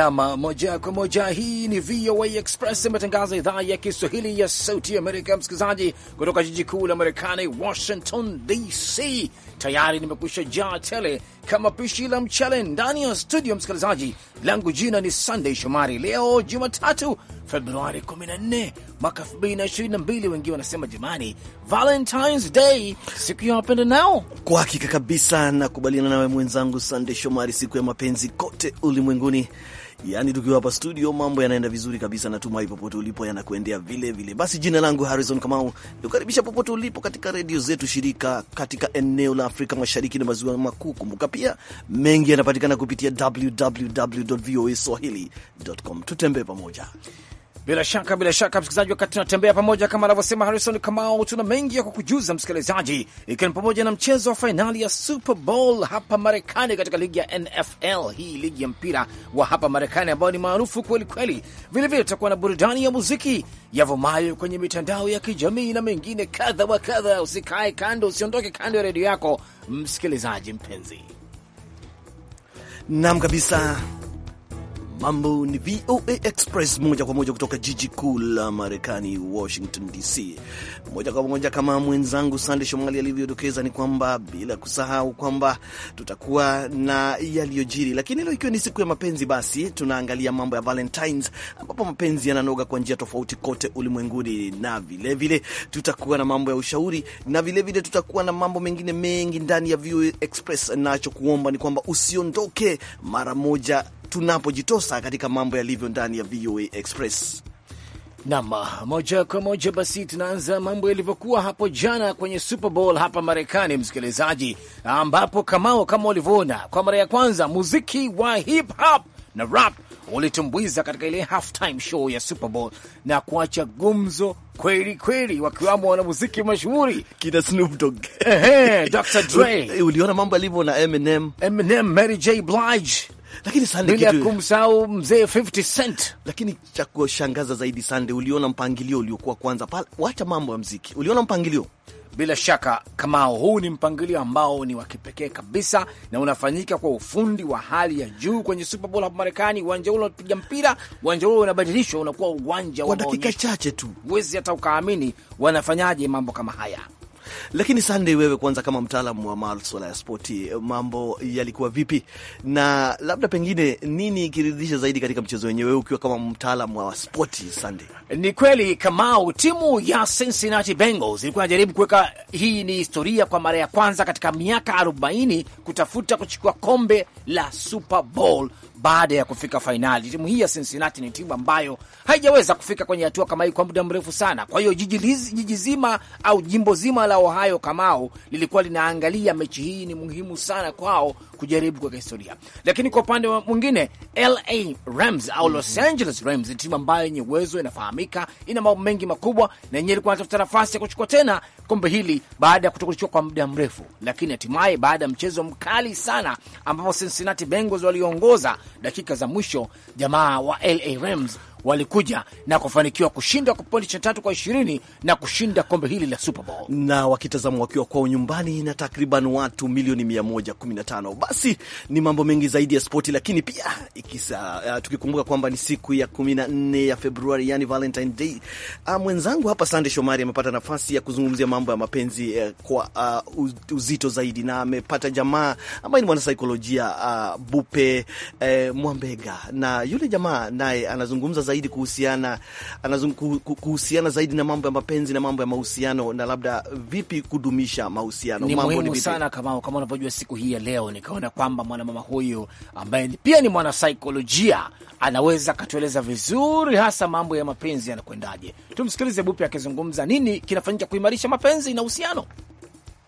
nam moja kwa moja. Hii ni VOA Express, matangazo ya idhaa ya Kiswahili ya sauti Amerika. Msikilizaji kutoka jiji kuu la Marekani, Washington DC, tayari nimekwisha jaa tele kama pishi la mchele ndani ya studio. Msikilizaji langu jina ni Sunday Shomari. Leo Jumatatu, Februari 14 mwaka 2022. wengi wanasema jamani, Valentines Day, siku ya wapenda nao. Kwa hakika kabisa nakubaliana nawe mwenzangu Sunday Shomari, siku ya mapenzi kote ulimwenguni Yaani tukiwa hapa studio mambo yanaenda vizuri kabisa, natumai popote ulipo yanakuendea vile vile. Basi jina langu Harrison Kamau, nikukaribisha popote ulipo katika redio zetu shirika katika eneo la Afrika Mashariki na Maziwa Makuu. Kumbuka pia mengi yanapatikana kupitia www.voaswahili.com. Tutembee pamoja. Bila shaka bila shaka, msikilizaji, wakati tunatembea pamoja, kama anavyosema Harrison Kamau, tuna mengi ya kukujuza msikilizaji, ikiwa ni pamoja na mchezo wa fainali ya Super Bowl hapa Marekani katika ligi ya NFL, hii ligi ya mpira wa hapa Marekani ambayo ni maarufu kweli kweli. Vilevile tutakuwa na burudani ya muziki yavomayo kwenye mitandao ya kijamii na mengine kadha wa kadha. Usikae kando, usiondoke kando ya redio yako, msikilizaji mpenzi. Naam kabisa mambo ni VOA Express moja kwa moja kutoka jiji kuu la Marekani, Washington DC. Moja kwa moja kama mwenzangu Sande Shomali alivyodokeza, ni kwamba bila kusahau kwamba tutakuwa na yaliyojiri, lakini leo ikiwa ni siku ya mapenzi, basi tunaangalia mambo ya Valentines, ambapo mapenzi yananoga kwa njia tofauti kote ulimwenguni, na vilevile tutakuwa na mambo ya ushauri, na vilevile tutakuwa na mambo mengine mengi ndani ya VOA Express. Nachokuomba ni kwamba usiondoke mara moja tunapojitosa katika mambo yalivyo ndani ya VOA Express. Nam moja kwa moja basi, tunaanza mambo yalivyokuwa hapo jana kwenye Super Bowl hapa Marekani, msikilizaji, ambapo kamao kama ulivyoona kwa mara ya kwanza muziki wa hip hop na rap ulitumbuiza katika ile halftime show ya Super Bowl na kuacha gumzo kweli kweli, wakiwamo wanamuziki mashuhuri kina Snoop Dogg, Dr Dre. Uliona mambo yalivyo na Eminem, Eminem, Mary J Blige lakini Sande, kitu kumsahau mzee 50 Cent. Lakini cha kushangaza zaidi Sande, uliona mpangilio uliokuwa kwanza pale, wacha mambo ya mziki, uliona mpangilio bila shaka Kamao, huu ni mpangilio ambao ni wa kipekee kabisa na unafanyika kwa ufundi wa hali ya juu kwenye Super Bowl hapa Marekani. Uwanja ule unapiga mpira, uwanja ule unabadilishwa, unakuwa uwanja wa dakika chache tu, huwezi hata ukaamini wanafanyaje mambo kama haya. Lakini Sunday, wewe kwanza, kama mtaalamu wa maswala ya spoti, mambo yalikuwa vipi, na labda pengine nini kiridhisha zaidi katika mchezo wenyewe, ukiwa kama mtaalamu wa spoti Sunday? Ni kweli Kamau, timu ya Cincinnati Bengals ilikuwa inajaribu kuweka, hii ni historia kwa mara ya kwanza katika miaka 40 kutafuta kuchukua kombe la Super Bowl baada ya kufika fainali. Timu hii ya Cincinnati ni timu ambayo haijaweza kufika kwenye hatua kama hii kwa muda mrefu sana. Kwa hiyo jiji zima au jimbo zima la la hayo Kamau lilikuwa linaangalia mechi hii ni muhimu sana kwao kujaribu kwa historia. Lakini kwa upande mwingine LA Rams au Los mhm. Angeles Rams ni timu ambayo yenye uwezo, inafahamika, ina mambo mengi makubwa, na yenyewe ilikuwa inatafuta nafasi ya kuchukua tena kombe hili baada ya kutokuchukua kwa muda mrefu, lakini hatimaye baada ya mchezo mkali sana ambapo Cincinnati Bengals waliongoza dakika za mwisho, jamaa wa LA Rams walikuja na kufanikiwa kushinda kipindi cha tatu kwa ishirini na kushinda kombe hili la Super Bowl, na wakitazama wakiwa kwao nyumbani na takriban watu milioni 115. Basi ni mambo mengi zaidi ya spoti, lakini pia ikisa, uh, tukikumbuka kwamba ni siku ya 14 ya Februari, yani Valentine Day. Uh, mwenzangu hapa Sande Shomari amepata nafasi ya kuzungumzia mambo ya mapenzi uh, kwa uh, uzito zaidi, na amepata jamaa ambaye ni mwanasaikolojia uh, Bupe uh, Mwambega, na yule jamaa naye anazungumza zaidi kuhusiana anazum, kuhusiana zaidi na mambo ya mapenzi na mambo ya mahusiano na labda vipi kudumisha mahusiano. Ni muhimu sana kama kama unavyojua, siku hii ya leo nikaona kwamba mwanamama huyu ambaye pia ni mwanasaikolojia anaweza akatueleza vizuri hasa mambo ya mapenzi yanakwendaje. Tumsikilize Bupi akizungumza nini kinafanyika kuimarisha mapenzi na uhusiano.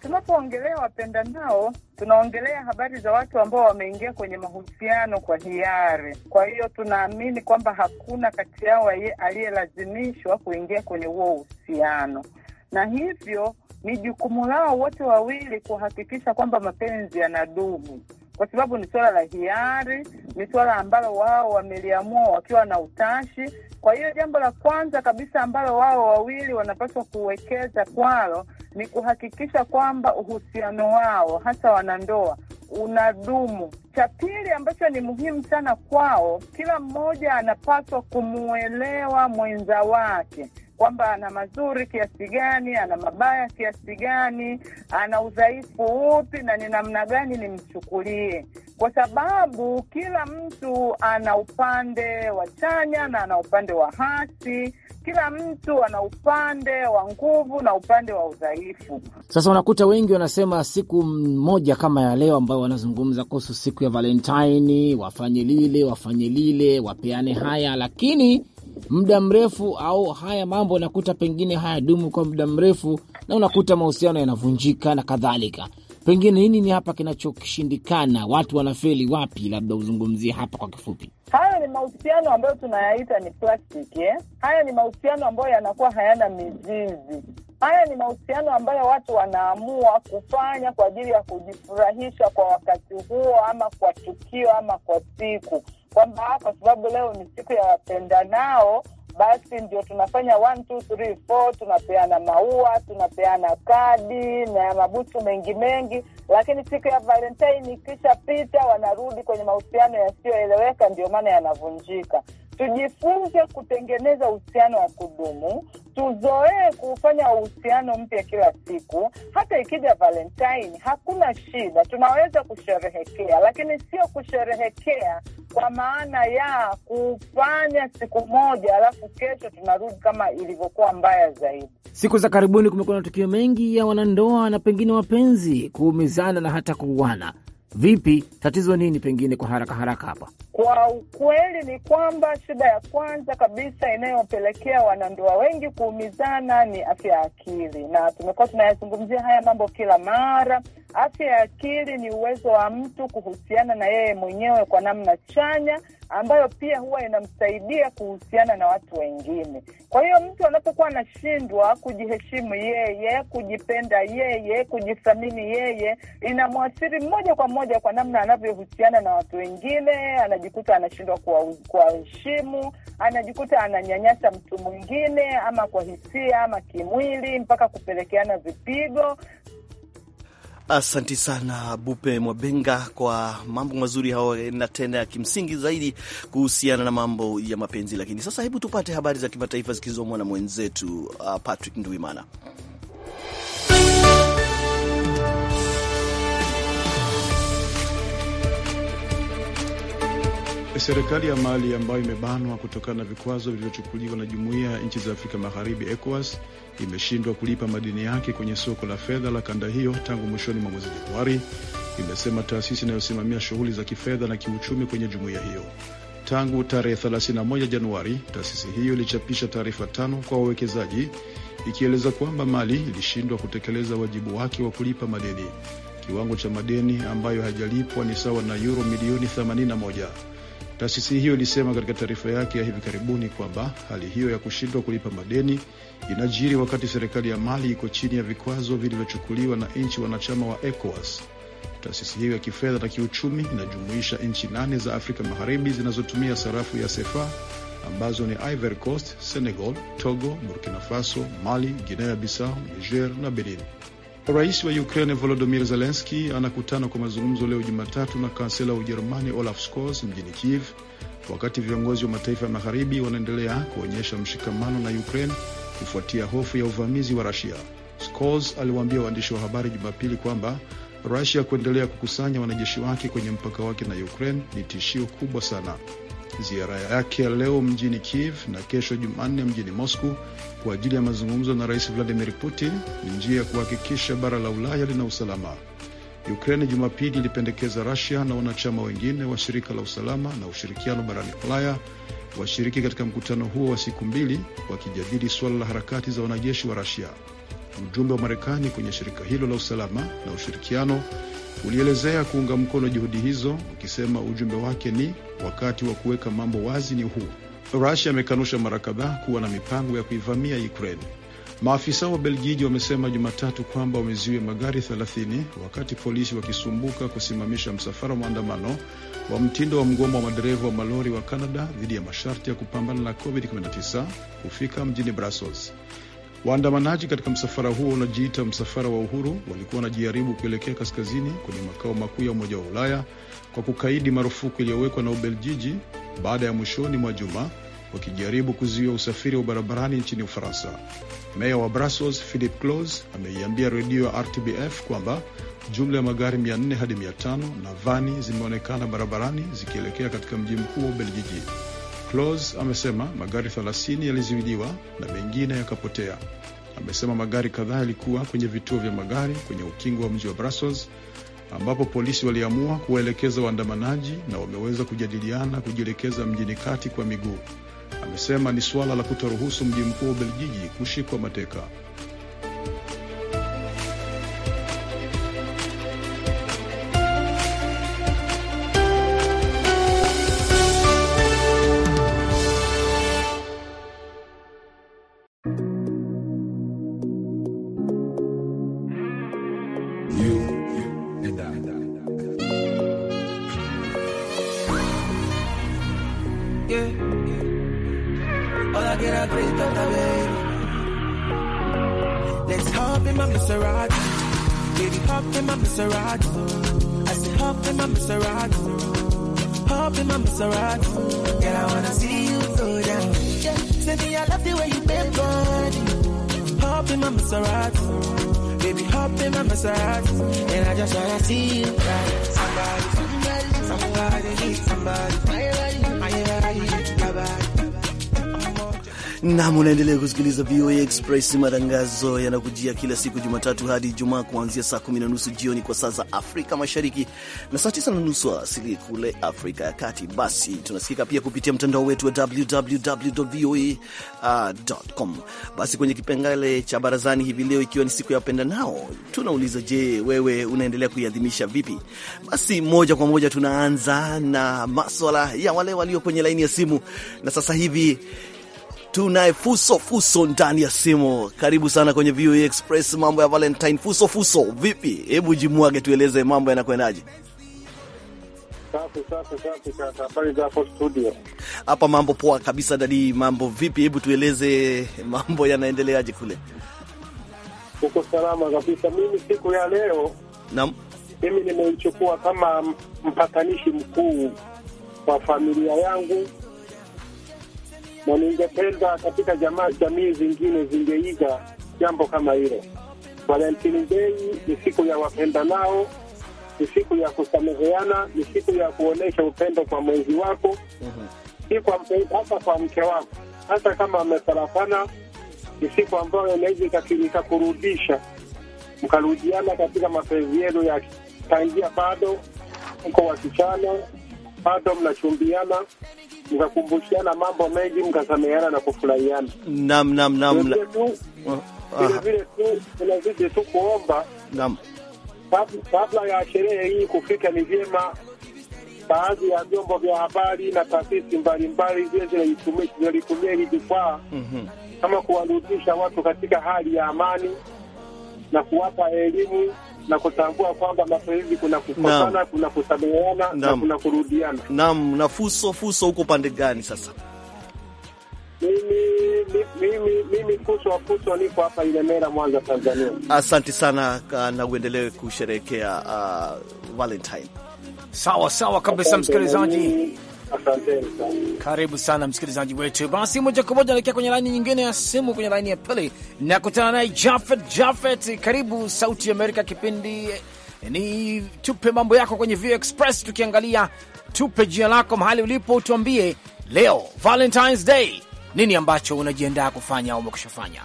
Tunapoongelea wapenda nao, tunaongelea habari za watu ambao wameingia kwenye mahusiano kwa hiari. Kwa hiyo tunaamini kwamba hakuna kati yao aliyelazimishwa kuingia kwenye huo uhusiano, na hivyo ni jukumu lao wote wawili kuhakikisha kwamba mapenzi yanadumu, kwa sababu ni suala la hiari, ni suala ambalo wao wameliamua wakiwa na utashi. Kwa hiyo jambo la kwanza kabisa ambalo wao wawili wanapaswa kuwekeza kwalo ni kuhakikisha kwamba uhusiano wao hasa wanandoa unadumu. Cha pili ambacho ni muhimu sana kwao, kila mmoja anapaswa kumuelewa mwenza wake kwamba ana mazuri kiasi gani, ana mabaya kiasi gani, ana udhaifu upi, na ni namna gani nimchukulie, kwa sababu kila mtu ana upande wa chanya na ana upande wa hasi kila mtu ana upande wa nguvu na upande wa udhaifu. Sasa unakuta wengi wanasema siku moja kama ya leo ambayo wanazungumza kuhusu siku ya Valentine, wafanye lile wafanye lile, wapeane haya, lakini muda mrefu au haya mambo unakuta pengine hayadumu kwa muda mrefu, na unakuta mahusiano yanavunjika na kadhalika. Pengine nini ni hapa kinachoshindikana, watu wanafeli wapi? Labda uzungumzie hapa kwa kifupi. Haya ni mahusiano ambayo tunayaita ni plastic, eh? Haya ni mahusiano ambayo yanakuwa hayana mizizi. Haya ni mahusiano ambayo watu wanaamua kufanya kwa ajili ya kujifurahisha kwa wakati huo, ama kwa tukio, ama kwa siku, kwamba kwa sababu leo ni siku ya wapendanao basi ndio tunafanya one two three four, tunapeana maua, tunapeana kadi na mabutu mengi mengi, lakini siku ya Valentine ikishapita wanarudi kwenye mahusiano yasiyoeleweka, ndio maana yanavunjika. Tujifunze kutengeneza uhusiano wa kudumu, tuzoee kufanya uhusiano mpya kila siku. Hata ikija Valentine hakuna shida, tunaweza kusherehekea, lakini sio kusherehekea kwa maana ya kufanya siku moja alafu kesho tunarudi kama ilivyokuwa mbaya zaidi. Siku za karibuni kumekuwa na matukio mengi ya wanandoa na pengine wapenzi kuumizana na hata kuuana. Vipi, tatizo nini pengine kwa haraka haraka hapa? Kwa ukweli ni kwamba shida ya kwanza kabisa inayopelekea wanandoa wengi kuumizana ni afya ya akili, na tumekuwa tunayazungumzia haya mambo kila mara Afya ya akili ni uwezo wa mtu kuhusiana na yeye mwenyewe kwa namna chanya, ambayo pia huwa inamsaidia kuhusiana na watu wengine. Kwa hiyo mtu anapokuwa anashindwa kujiheshimu yeye, kujipenda yeye, kujithamini yeye, inamwathiri moja kwa moja kwa namna anavyohusiana na watu wengine. Anajikuta anashindwa kuwaheshimu, anajikuta ananyanyasa mtu mwingine, ama kwa hisia ama kimwili, mpaka kupelekeana vipigo. Asanti sana Bupe Mwabenga kwa mambo mazuri hao, na tena ya kimsingi zaidi kuhusiana na mambo ya mapenzi. Lakini sasa, hebu tupate habari za kimataifa zikizomwa na mwenzetu uh, Patrick Nduimana. Serikali ya Mali ambayo imebanwa kutokana na vikwazo vilivyochukuliwa na jumuiya ya nchi za Afrika Magharibi, ECOWAS, imeshindwa kulipa madeni yake kwenye soko la fedha la kanda hiyo tangu mwishoni mwa mwezi Februari, imesema taasisi inayosimamia shughuli za kifedha na kiuchumi kwenye jumuiya hiyo. Tangu tarehe 31 Januari, taasisi hiyo ilichapisha taarifa tano kwa wawekezaji ikieleza kwamba Mali ilishindwa kutekeleza wajibu wake wa kulipa madeni. Kiwango cha madeni ambayo hajalipwa ni sawa na yuro milioni 81. Taasisi hiyo ilisema katika taarifa yake ya hivi karibuni kwamba hali hiyo ya kushindwa kulipa madeni inajiri wakati serikali ya Mali iko chini ya vikwazo vilivyochukuliwa na nchi wanachama wa ECOWAS. Taasisi hiyo ya kifedha na kiuchumi inajumuisha nchi nane za Afrika Magharibi zinazotumia sarafu ya sefa ambazo ni Ivory Coast, Senegal, Togo, Burkina Faso, Mali, Guinea Bissau, Niger na Benin. Rais wa Ukraine Volodymyr Zelensky anakutana kwa mazungumzo leo Jumatatu na kansela wa Ujerumani Olaf Scholz mjini Kiev, wakati viongozi wa mataifa ya magharibi wanaendelea kuonyesha mshikamano na Ukraine kufuatia hofu ya uvamizi wa Rusia. Scholz aliwaambia waandishi wa habari Jumapili kwamba Rusia kuendelea kukusanya wanajeshi wake kwenye mpaka wake na Ukraine ni tishio kubwa sana ziara yake ya leo mjini Kiev na kesho Jumanne mjini Moscow kwa ajili ya mazungumzo na Rais Vladimir Putin ni njia ya kuhakikisha bara la Ulaya lina usalama. Ukraine Jumapili ilipendekeza rasia na wanachama wengine wa shirika la usalama na ushirikiano barani Ulaya washiriki katika mkutano huo wa siku mbili wakijadili suala la harakati za wanajeshi wa rasia Ujumbe wa Marekani kwenye shirika hilo la usalama na ushirikiano ulielezea kuunga mkono juhudi hizo ukisema ujumbe wake ni wakati wa kuweka mambo wazi ni huu. Rusia amekanusha mara kadhaa kuwa na mipango ya kuivamia Ukraine. Maafisa wa Belgiji wamesema Jumatatu kwamba wamezuia magari 30 wakati polisi wakisumbuka kusimamisha msafara wa maandamano wa mtindo wa mgomo wa madereva wa malori wa Kanada dhidi ya masharti ya kupambana na COVID-19 kufika mjini Brussels. Waandamanaji katika msafara huo unajiita msafara wa uhuru walikuwa wanajaribu kuelekea kaskazini kwenye makao makuu ya Umoja wa Ulaya kwa kukaidi marufuku iliyowekwa na Ubeljiji baada ya mwishoni mwa juma wakijaribu kuzuia usafiri wa barabarani nchini Ufaransa. Meya wa Brussels Philip Clos ameiambia redio ya RTBF kwamba jumla ya magari 400 hadi 500 na vani zimeonekana barabarani zikielekea katika mji mkuu wa Ubeljiji. Close amesema magari 30 yalizuiliwa na mengine yakapotea. Amesema magari kadhaa yalikuwa kwenye vituo vya magari kwenye ukingo wa mji wa Brussels ambapo polisi waliamua kuwaelekeza waandamanaji na wameweza kujadiliana kujielekeza mjini kati kwa miguu. Amesema ni suala la kutoruhusu mji mkuu wa Ubelgiji kushikwa mateka. a great day. Let's hop in my Maserati. Baby, hop in my Maserati. I said, hop in my Maserati. Hop in my Maserati. Girl, I wanna see you go down. Yeah, say me, I love the way you bend body. Hop in my Maserati. Baby, hop in my Maserati. And I just wanna see you ride. Somebody, somebody, somebody, somebody. somebody. Nam, unaendelea kusikiliza VOA Express. Matangazo yanakujia kila siku Jumatatu hadi Ijumaa, kuanzia saa kumi na nusu jioni kwa saa za Afrika Mashariki na saa tisa na nusu asili kule Afrika ya Kati. Basi tunasikika pia kupitia mtandao wetu wa uh, com. Basi kwenye kipengele cha barazani hivi leo, ikiwa ni siku ya wapenda nao, tunauliza je, wewe unaendelea kuiadhimisha vipi? Basi moja kwa moja tunaanza na maswala ya wale walio kwenye laini ya simu na sasa hivi tunaye Fuso Fuso ndani ya simu. Karibu sana kwenye VOA Express. Mambo ya Valentine Fuso Fuso, vipi? Hebu jimwage, tueleze mambo yanakwendaje? Hapa mambo poa kabisa. Dadi, mambo vipi? Hebu tueleze mambo yanaendeleaje kule? Uko salama kabisa. Mimi siku ya leo naam, mimi nimeichukua kama mpatanishi mkuu wa familia yangu na ningependa katika jamaa jamii zingine zingeiga jambo kama hilo. Valentine Day ni siku ya wapenda nao, ni siku ya kusameheana, ni siku ya kuonesha upendo kwa mwenzi wako si kwa hata kwa mke wako, hata kama amefarakana, ni siku ambayo inaweza ikakurudisha, mkarudiana katika mapenzi yenu ya tangia bado mko wasichana, bado mnachumbiana mkakumbushana mambo mengi, mkasameheana na kufurahiana. Naam, naam, naam. Vile oh, vile tu tunazidi tu kuomba, kabla ya sherehe hii kufika, ni vyema baadhi ya vyombo vya habari na taasisi mbalimbali zile zinalitumia hili jukwaa mhm. kama kuwarudisha watu katika hali ya amani na kuwapa elimu na kutambua kwamba mapenzi kuna kukosana, kuna kusamehana na kuna kurudiana. Naam. Na fuso fuso, huko pande gani sasa? Mimi, mimi, mimi fuso wa fuso niko hapa Ilemela, Mwanza, Tanzania. Asante sana na uendelee kusherehekea uh, Valentine. Sawa sawa kabisa, msikilizaji. Karibu sana msikilizaji wetu. Basi moja kwa moja naelekea kwenye laini nyingine ya simu, kwenye laini ya pili na kutana naye Jafet. Jafet, karibu Sauti Amerika, kipindi eh, ni tupe mambo yako kwenye View Express, tukiangalia tupe jina lako, mahali ulipo, utuambie leo Valentine's Day nini ambacho unajiandaa kufanya au umekushafanya?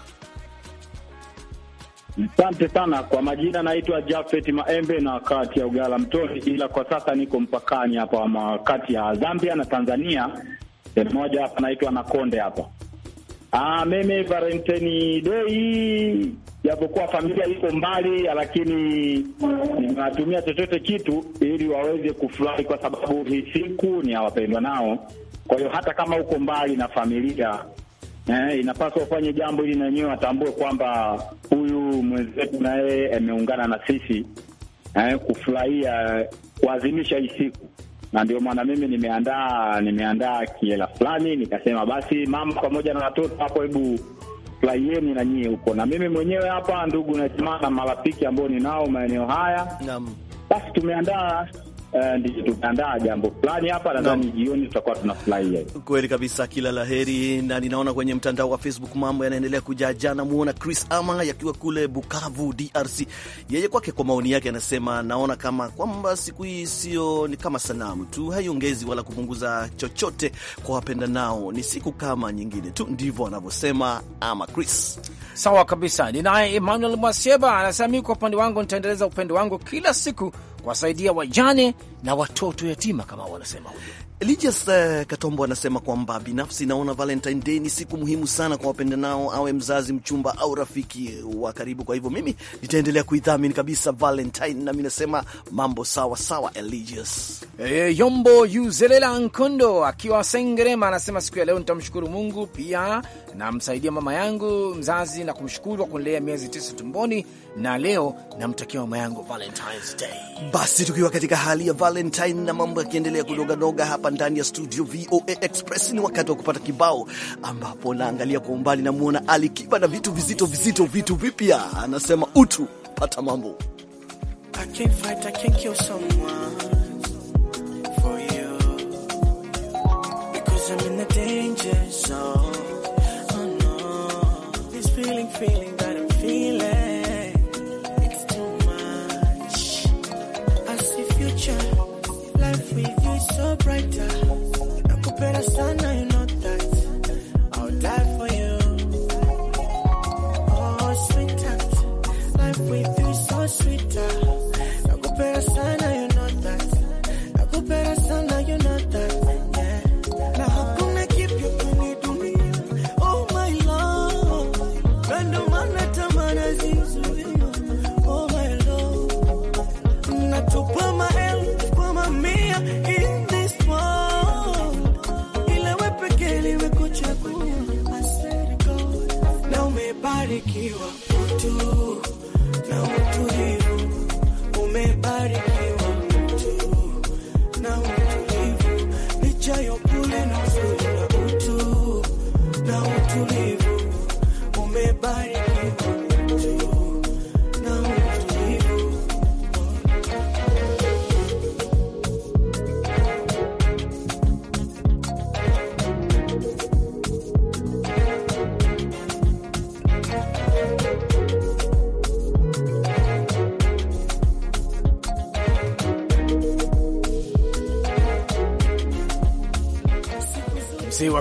Asante sana kwa majina, naitwa Jafet Maembe na kati ya Ugala Mtoni, ila kwa sasa niko mpakani hapa kati ya Zambia na Tanzania, sehemu moja hapa naitwa Nakonde hapa. Ah, mimi Valentine Day japokuwa familia iko mbali, lakini ninatumia chochote kitu ili waweze kufurahi, kwa sababu hii siku ni ya wapendwa nao. Kwa hiyo hata kama uko mbali na familia eh, inapaswa ufanye jambo ili na wenyewe watambue kwamba huyu mwenzetu na yeye ameungana na sisi eh, kufurahia kuadhimisha hii siku na ndio maana mimi nimeandaa nimeandaa kiela fulani, nikasema basi mama pamoja na watoto hapo, hebu furahieni na nyie huko, na mimi mwenyewe hapa, ndugu na jamaa na marafiki ambao ninao maeneo haya, naam, basi tumeandaa Eh, ndio jambo fulani hapa nadhani Jioni tutakuwa tunafurahia kweli kabisa. Kila laheri, na ninaona kwenye mtandao wa Facebook mambo yanaendelea kujaa jana. Muona Chris Ama yakiwa kule Bukavu, DRC. Yeye kwake, kwa maoni yake, anasema naona kama kwamba siku hii sio ni kama sanamu tu, haiongezi wala kupunguza chochote kwa wapenda nao, ni siku kama nyingine tu, ndivyo anavyosema Ama Chris. Sawa kabisa. Ninaye Emmanuel Mwasieba anasema mi kwa upande wangu nitaendeleza upendo wangu kila siku kuwasaidia wajane na watoto yatima kama wanasema huyo Elijas uh, eh, Katombo anasema kwamba binafsi naona Valentine Day ni siku muhimu sana kwa wapendanao, awe mzazi, mchumba au rafiki wa karibu. Kwa hivyo mimi nitaendelea kuidhamini kabisa Valentine, nami nasema mambo sawa sawa. Elijas e, eh, Yombo Yuzelela Nkondo akiwa Sengerema anasema siku ya leo nitamshukuru Mungu, pia namsaidia mama yangu mzazi na kumshukuru kwa kunilea miezi tisa tumboni, na leo namtakia mama yangu Valentine's Day. Basi tukiwa katika hali ya Valentine na mambo yakiendelea kudoganoga hapa ndani ya studio VOA Express, ni wakati wa kupata kibao, ambapo naangalia kwa umbali, namwona Ali Kiba na vitu vizito vizito, vitu vipya. Anasema utu pata mambo feeling, feeling brighter nakupenda sana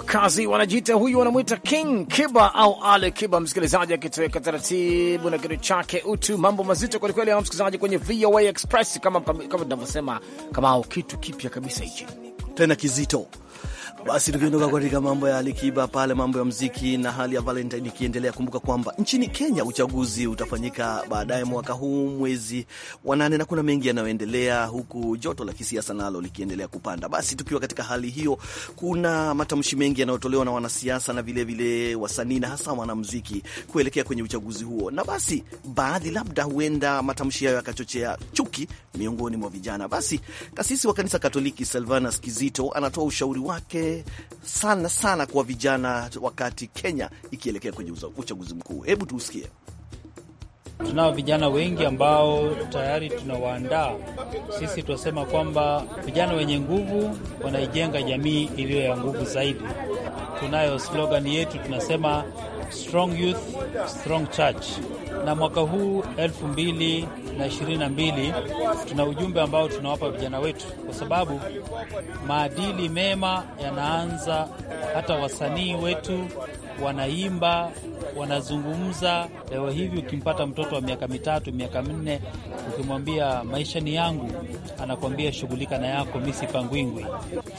kazi wanajiita, huyu wanamwita King Kiba au Ale Kiba, msikilizaji akitoweka taratibu na kitu chake utu. Mambo mazito kwelikweli a msikilizaji, kwenye VOA Express kama tunavyosema, kama, kama au kitu kipya kabisa hichi tena kizito basi tukiondoka katika mambo ya Alikiba pale, mambo ya mziki na hali ya Valentine ikiendelea, kumbuka kwamba nchini Kenya uchaguzi utafanyika baadaye mwaka huu mwezi wa nane, na kuna mengi yanayoendelea huku joto la kisiasa nalo likiendelea kupanda. Basi tukiwa katika hali hiyo, kuna matamshi mengi yanayotolewa na wanasiasa na vilevile wasanii na hasa wanamziki kuelekea kwenye uchaguzi huo, na basi baadhi labda huenda matamshi hayo yakachochea chuki miongoni mwa vijana. Basi kasisi wa kanisa Katoliki Silvanus Kizito anatoa ushauri wake sana sana kwa vijana wakati Kenya ikielekea kwenye uchaguzi mkuu. Hebu tuusikie. Tunao vijana wengi ambao tayari tunawaandaa. Sisi tunasema kwamba vijana wenye nguvu wanaijenga jamii iliyo ya nguvu zaidi. Tunayo slogan yetu, tunasema strong youth, strong church, na mwaka huu elfu mbili na ishirini na mbili tuna ujumbe ambao tunawapa vijana wetu, kwa sababu maadili mema yanaanza hata wasanii wetu wanaimba, wanazungumza. Leo hivi ukimpata mtoto wa miaka mitatu, miaka minne, ukimwambia maisha ni yangu, anakuambia shughulika na yako, misi sipangwingwi.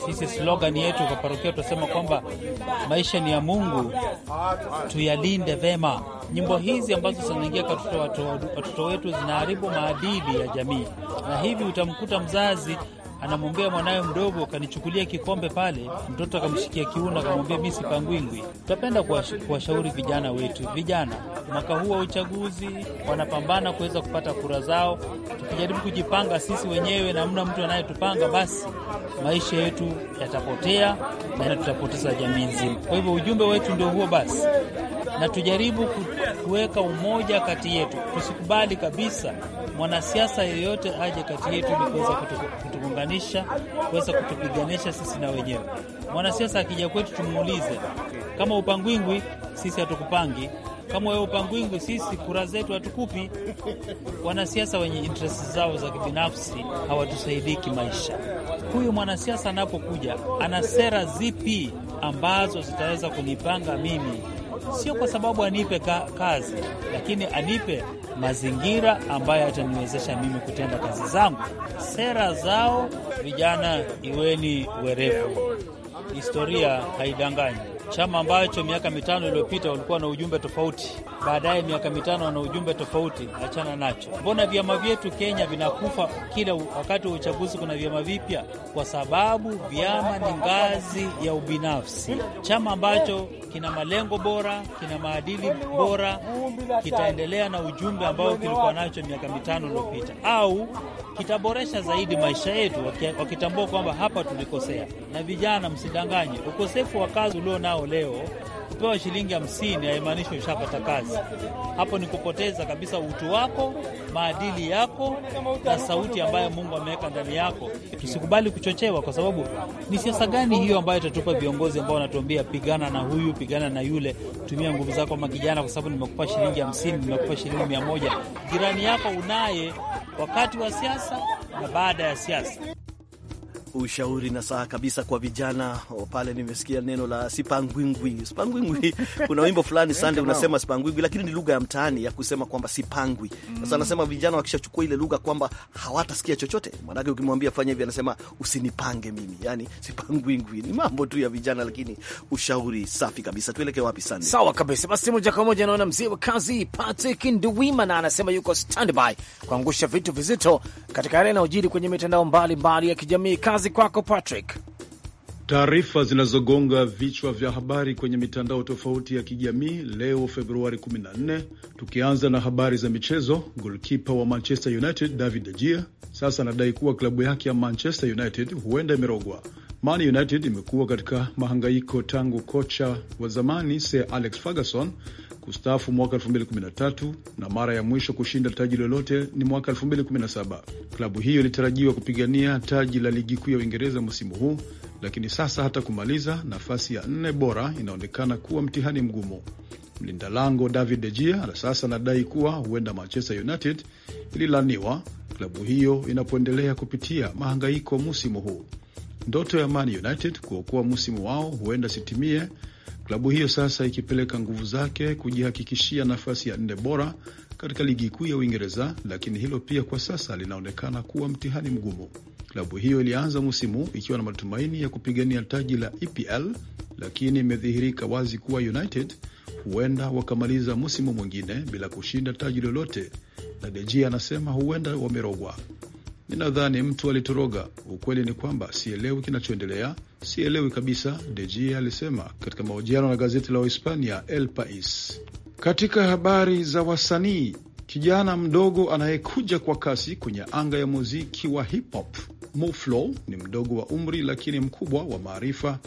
Sisi slogan yetu kwa parokia tunasema kwamba maisha ni ya Mungu, tuyalinde vema. Nyimbo hizi ambazo zinaingia katika watoto wetu zinaharibu maadili ya jamii, na hivi utamkuta mzazi anamwombea mwanawe mdogo, kanichukulia kikombe pale, mtoto akamshikia kiuno, akamwambia misi pangwingwi. Tutapenda kuwashauri vijana wetu, vijana mwaka huu wa uchaguzi wanapambana kuweza kupata kura zao. Tukijaribu kujipanga sisi wenyewe na mna mtu anayetupanga, basi maisha yetu yatapotea na tutapoteza jamii nzima. Kwa hivyo ujumbe wetu ndio huo basi, na tujaribu kuweka umoja kati yetu, tusikubali kabisa mwanasiasa yeyote aje kati yetu ili kuweza kutuunganisha, kuweza kutupiganisha sisi na wenyewe. Mwanasiasa akija kwetu tumuulize, kama upangwingwi sisi hatukupangi, kama wewe upangwingwi sisi kura zetu hatukupi. Wanasiasa wenye interest zao za kibinafsi hawatusaidii kimaisha. Huyu mwanasiasa anapokuja, ana sera zipi ambazo zitaweza kunipanga mimi sio kwa sababu anipe ka, kazi, lakini anipe mazingira ambayo ataniwezesha mimi kutenda kazi zangu. Sera zao vijana, iweni werevu, historia haidanganyi chama ambacho miaka mitano iliyopita walikuwa na ujumbe tofauti, baadaye miaka mitano wana ujumbe tofauti, achana nacho. Mbona vyama vyetu Kenya vinakufa kila wakati wa uchaguzi? Kuna vyama vipya, kwa sababu vyama ni ngazi ya ubinafsi. Chama ambacho kina malengo bora, kina maadili bora, kitaendelea na ujumbe ambao kilikuwa nacho miaka mitano iliyopita, au kitaboresha zaidi maisha yetu, wakitambua kwamba hapa tulikosea. Na vijana, msidanganye, ukosefu wa kazi ulionao yao leo kupewa shilingi hamsini haimaanishi ushapata kazi. Hapo ni kupoteza kabisa utu wako, maadili yako na sauti ambayo Mungu ameweka ndani yako. Tusikubali kuchochewa, kwa sababu ni siasa gani hiyo ambayo itatupa viongozi ambao wanatuambia pigana na huyu, pigana na yule, tumia nguvu zako ama kijana, kwa sababu nimekupa shilingi hamsini, nimekupa shilingi mia moja. Jirani yako unaye wakati wa siasa na baada ya siasa ushauri na saha kabisa kwa vijana oh, pale. Nimesikia neno la sipangwingwi, sipangwingwi. Kuna wimbo fulani Sande unasema sipangwingwi, lakini ni lugha ya mtaani ya kusema kwamba sipangwi. Mm. Sasa anasema vijana wakishachukua ile lugha kwamba hawatasikia chochote, maanake ukimwambia fanya hivi anasema usinipange mimi, yani sipangwingwi. Ni mambo tu ya vijana, lakini ushauri safi kabisa. Tuelekee wapi Sande? Sawa kabisa, basi moja kwa moja naona mzee wa kazi Patrick Nduwimana anasema yuko standby kuangusha vitu vizito katika yale yanayojiri kwenye mitandao mbalimbali ya kijamii kazi kazi kwako Patrick. Taarifa zinazogonga vichwa vya habari kwenye mitandao tofauti ya kijamii leo Februari 14, tukianza na habari za michezo. Golkipa wa Manchester United David de Gea sasa anadai kuwa klabu yake ya Manchester United huenda imerogwa. Man United imekuwa katika mahangaiko tangu kocha wa zamani Sir Alex Ferguson kustaafu mwaka 2013 na mara ya mwisho kushinda taji lolote ni mwaka 2017. Klabu hiyo ilitarajiwa kupigania taji la ligi kuu ya Uingereza msimu huu, lakini sasa hata kumaliza nafasi ya nne bora inaonekana kuwa mtihani mgumu. Mlinda lango David De Gea sasa anadai kuwa huenda Manchester United ililaniwa klabu hiyo inapoendelea kupitia mahangaiko msimu huu. Ndoto ya Man United kuokoa msimu wao huenda sitimie klabu hiyo sasa ikipeleka nguvu zake kujihakikishia nafasi ya nne bora katika ligi kuu ya Uingereza, lakini hilo pia kwa sasa linaonekana kuwa mtihani mgumu. Klabu hiyo ilianza msimu ikiwa na matumaini ya kupigania taji la EPL, lakini imedhihirika wazi kuwa United huenda wakamaliza msimu mwingine bila kushinda taji lolote, na Deji anasema huenda wamerogwa. Ninadhani mtu alitoroga. Ukweli ni kwamba sielewi kinachoendelea, sielewi kabisa, Dejia alisema katika mahojiano na gazeti la Uhispania El Pais. Katika habari za wasanii, kijana mdogo anayekuja kwa kasi kwenye anga ya muziki wa hip hop ni mdogo wa umri lakini mkubwa wa maarifa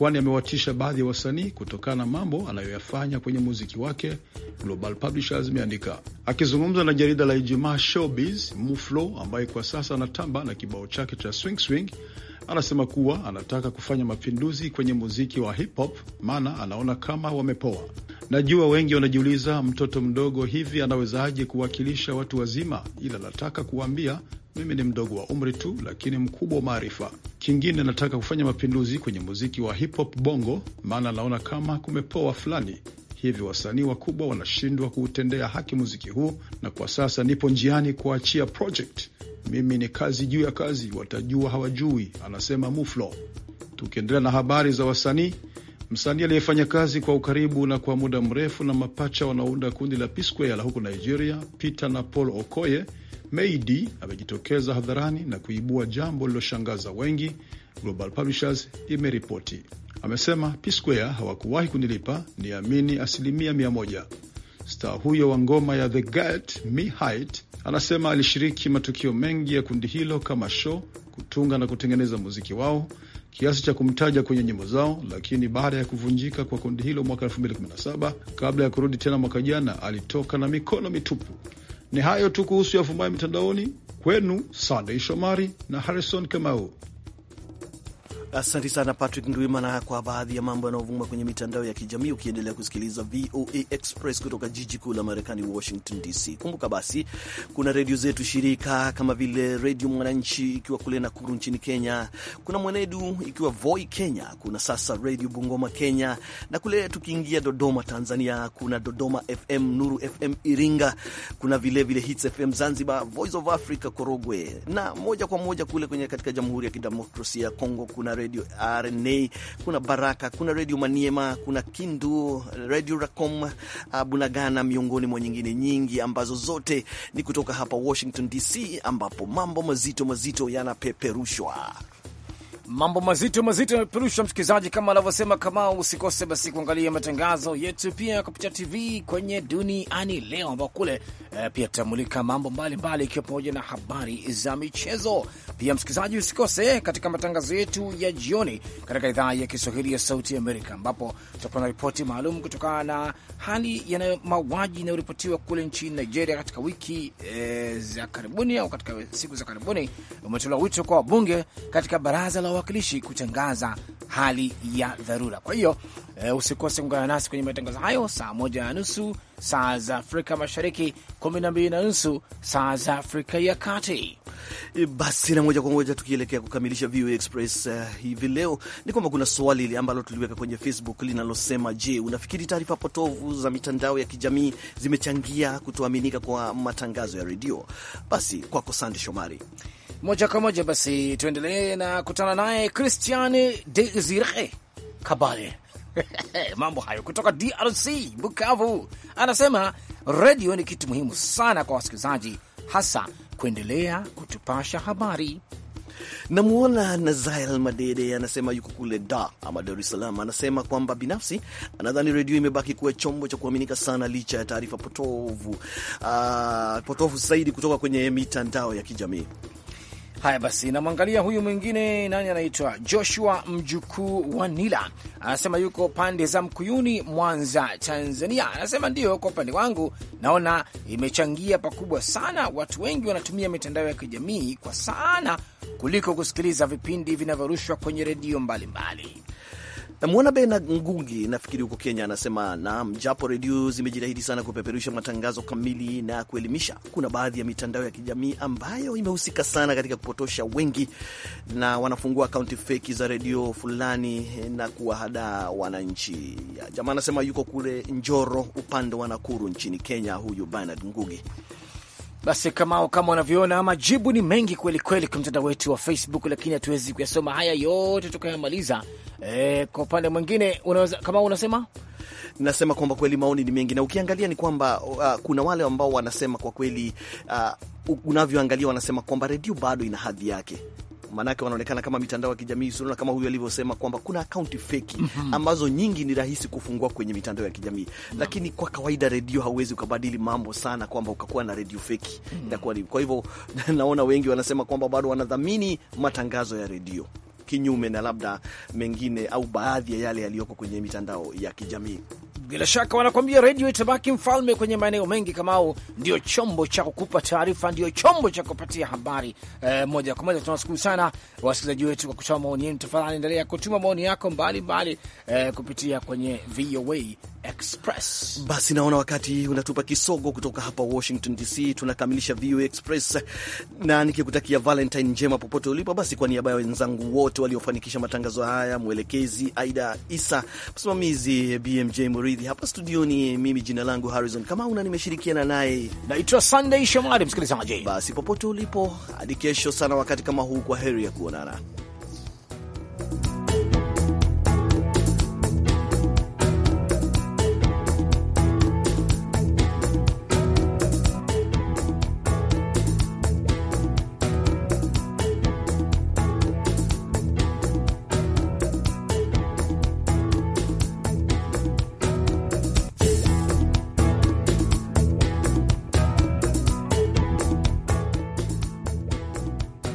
kwani amewachisha baadhi ya wasanii kutokana na mambo anayoyafanya kwenye muziki wake, Global Publishers imeandika. Akizungumza na jarida la Ijumaa Showbiz, Muflo ambaye kwa sasa anatamba na kibao chake cha swing swing anasema kuwa anataka kufanya mapinduzi kwenye muziki wa hip hop, maana anaona kama wamepoa. Najua wengi wanajiuliza mtoto mdogo hivi anawezaje kuwakilisha watu wazima, ila anataka kuwaambia mimi ni mdogo wa umri tu, lakini mkubwa wa maarifa. Kingine nataka kufanya mapinduzi kwenye muziki wa hip hop bongo, maana naona kama kumepoa fulani hivi wasanii wakubwa wanashindwa kuutendea haki muziki huu, na kwa sasa nipo njiani kuachia project. Mimi ni kazi juu ya kazi, watajua hawajui, anasema Muflo. Tukiendelea na habari za wasanii, msanii aliyefanya kazi kwa ukaribu na kwa muda mrefu na mapacha wanaounda kundi la P Square la huko Nigeria, Peter na Paul Okoye Meidi amejitokeza hadharani na kuibua jambo liloshangaza wengi, Global Publishers imeripoti. Amesema P Square hawakuwahi kunilipa, niamini asilimia mia moja. Staa huyo wa ngoma ya The Get Me Height anasema alishiriki matukio mengi ya kundi hilo kama show, kutunga na kutengeneza muziki wao kiasi cha kumtaja kwenye nyimbo zao, lakini baada ya kuvunjika kwa kundi hilo mwaka 2017 kabla ya kurudi tena mwaka jana, alitoka na mikono mitupu. Ni hayo tu kuhusu yavumayo mitandaoni. Kwenu Sandey Shomari na Harrison Kamau. Asante sana Patrick Ndwimana kwa baadhi ya mambo yanayovuma kwenye mitandao ya kijamii, ukiendelea kusikiliza VOA Express kutoka jiji kuu la Marekani, Washington DC. Kumbuka basi kuna redio zetu shirika kama vile Redio Mwananchi ikiwa kule Nakuru nchini Kenya, kuna Mwenedu ikiwa Voi Kenya, kuna sasa Redio Bungoma Kenya, na kule tukiingia Dodoma Tanzania kuna Dodoma FM, Nuru FM Iringa, kuna vilevile Hits FM Zanzibar, Voice of Africa Korogwe, na moja kwa moja kule kwenye katika Jamhuri ya Kidemokrasia ya Kongo kuna redio RNA, kuna Baraka, kuna redio Maniema, kuna Kindu, redio Racom uh, Bunagana, miongoni mwa nyingine nyingi ambazo zote ni kutoka hapa Washington DC, ambapo mambo mazito mazito yanapeperushwa. Mambo mazito mazito yameperushwa, msikilizaji, kama anavyosema Kamau. Usikose basi kuangalia matangazo yetu pia kupitia TV kwenye Duniani Leo, ambao kule eh, pia tutamulika mambo mbalimbali, ikiwa mbali, pamoja na habari za michezo pia. Msikilizaji, usikose katika matangazo yetu ya jioni katika idhaa ya Kiswahili ya Sauti Amerika, ambapo tutakuwa na ripoti maalum kutokana na hali ya mauaji inayoripotiwa kule nchini Nigeria katika wiki eh, za karibuni au katika siku za karibuni. Umetolewa wito kwa wabunge katika baraza la wawakilishi kutangaza hali ya dharura. Kwa hiyo eh, usikose kuungana nasi kwenye matangazo hayo saa moja na nusu saa za Afrika Mashariki, 12 na nusu saa za Afrika ya Kati. E, basi na moja kwa moja tukielekea kukamilisha VOA Express uh, hivi leo ni kwamba kuna swali ile ambalo tuliweka kwenye Facebook linalosema, je, unafikiri taarifa potovu za mitandao ya kijamii zimechangia kutoaminika kwa matangazo ya redio? Basi kwako Sande Shomari. Moja kwa moja basi tuendelee na kutana naye Christian Desire Kabale mambo hayo kutoka DRC Bukavu, anasema redio ni kitu muhimu sana kwa wasikilizaji, hasa kuendelea kutupasha habari. Namwona Nazael Madede anasema yuko kule Da ama Dar es Salaam. Anasema kwamba binafsi anadhani redio imebaki kuwa chombo cha kuaminika sana licha ya taarifa potovu, uh, potovu zaidi kutoka kwenye mitandao ya kijamii. Haya basi, namwangalia huyu mwingine, nani anaitwa Joshua mjukuu wa Nila, anasema yuko pande za Mkuyuni, Mwanza, Tanzania. Anasema ndiyo, kwa upande wangu naona imechangia pakubwa sana. Watu wengi wanatumia mitandao ya kijamii kwa sana kuliko kusikiliza vipindi vinavyorushwa kwenye redio mbalimbali. Namwona Bena Ngugi, nafikiri huko Kenya, anasema naam, japo redio zimejitahidi sana kupeperusha matangazo kamili na kuelimisha, kuna baadhi ya mitandao ya kijamii ambayo imehusika sana katika kupotosha wengi, na wanafungua akaunti feki za redio fulani na kuwahadaa wananchi. Jamaa anasema yuko kule Njoro, upande wa Nakuru nchini Kenya, huyu Bernard Ngugi. Basi Kamao, kama unavyoona, majibu ni mengi kweli kweli kwa mtandao wetu wa Facebook, lakini hatuwezi kuyasoma haya yote tukayamaliza. E, kwa upande mwingine unaweza, kama unasema nasema kwamba kweli maoni ni mengi, na ukiangalia ni kwamba uh, kuna wale ambao wanasema kwa kweli uh, unavyoangalia wanasema kwamba redio bado ina hadhi yake maanake wanaonekana kama mitandao ya kijamii sunna, kama huyu alivyosema kwamba kuna akaunti feki mm -hmm. ambazo nyingi ni rahisi kufungua kwenye mitandao ya kijamii mm -hmm. lakini kwa kawaida redio hauwezi ukabadili mambo sana kwamba ukakuwa na redio feki mm -hmm. ni kwa hivyo, naona wengi wanasema kwamba bado wanadhamini matangazo ya redio kinyume na labda mengine au baadhi ya yale yaliyoko kwenye mitandao ya kijamii. Bila shaka wanakwambia redio itabaki mfalme kwenye maeneo mengi, Kamau ndio chombo cha kukupa taarifa, ndio chombo cha kupatia habari e, moja kwa moja. Tunawashukuru sana wasikilizaji wetu kwa kutoa maoni yenu. Tafadhali endelea kutuma maoni yako mbalimbali e, kupitia kwenye VOA Express. Basi naona wakati unatupa kisogo kutoka hapa Washington DC, tunakamilisha VOA Express na nikikutakia Valentine njema popote ulipo. Basi kwa niaba ya wenzangu wote waliofanikisha matangazo haya, mwelekezi Aida Isa, msimamizi BMJ Muridhi, hapa studioni mimi jina langu Harrison Kamau na nimeshirikiana naye naitwa Sunday Shomari. Msikilizaji, basi popote ulipo, hadi kesho sana wakati kama huu, kwa heri ya kuonana.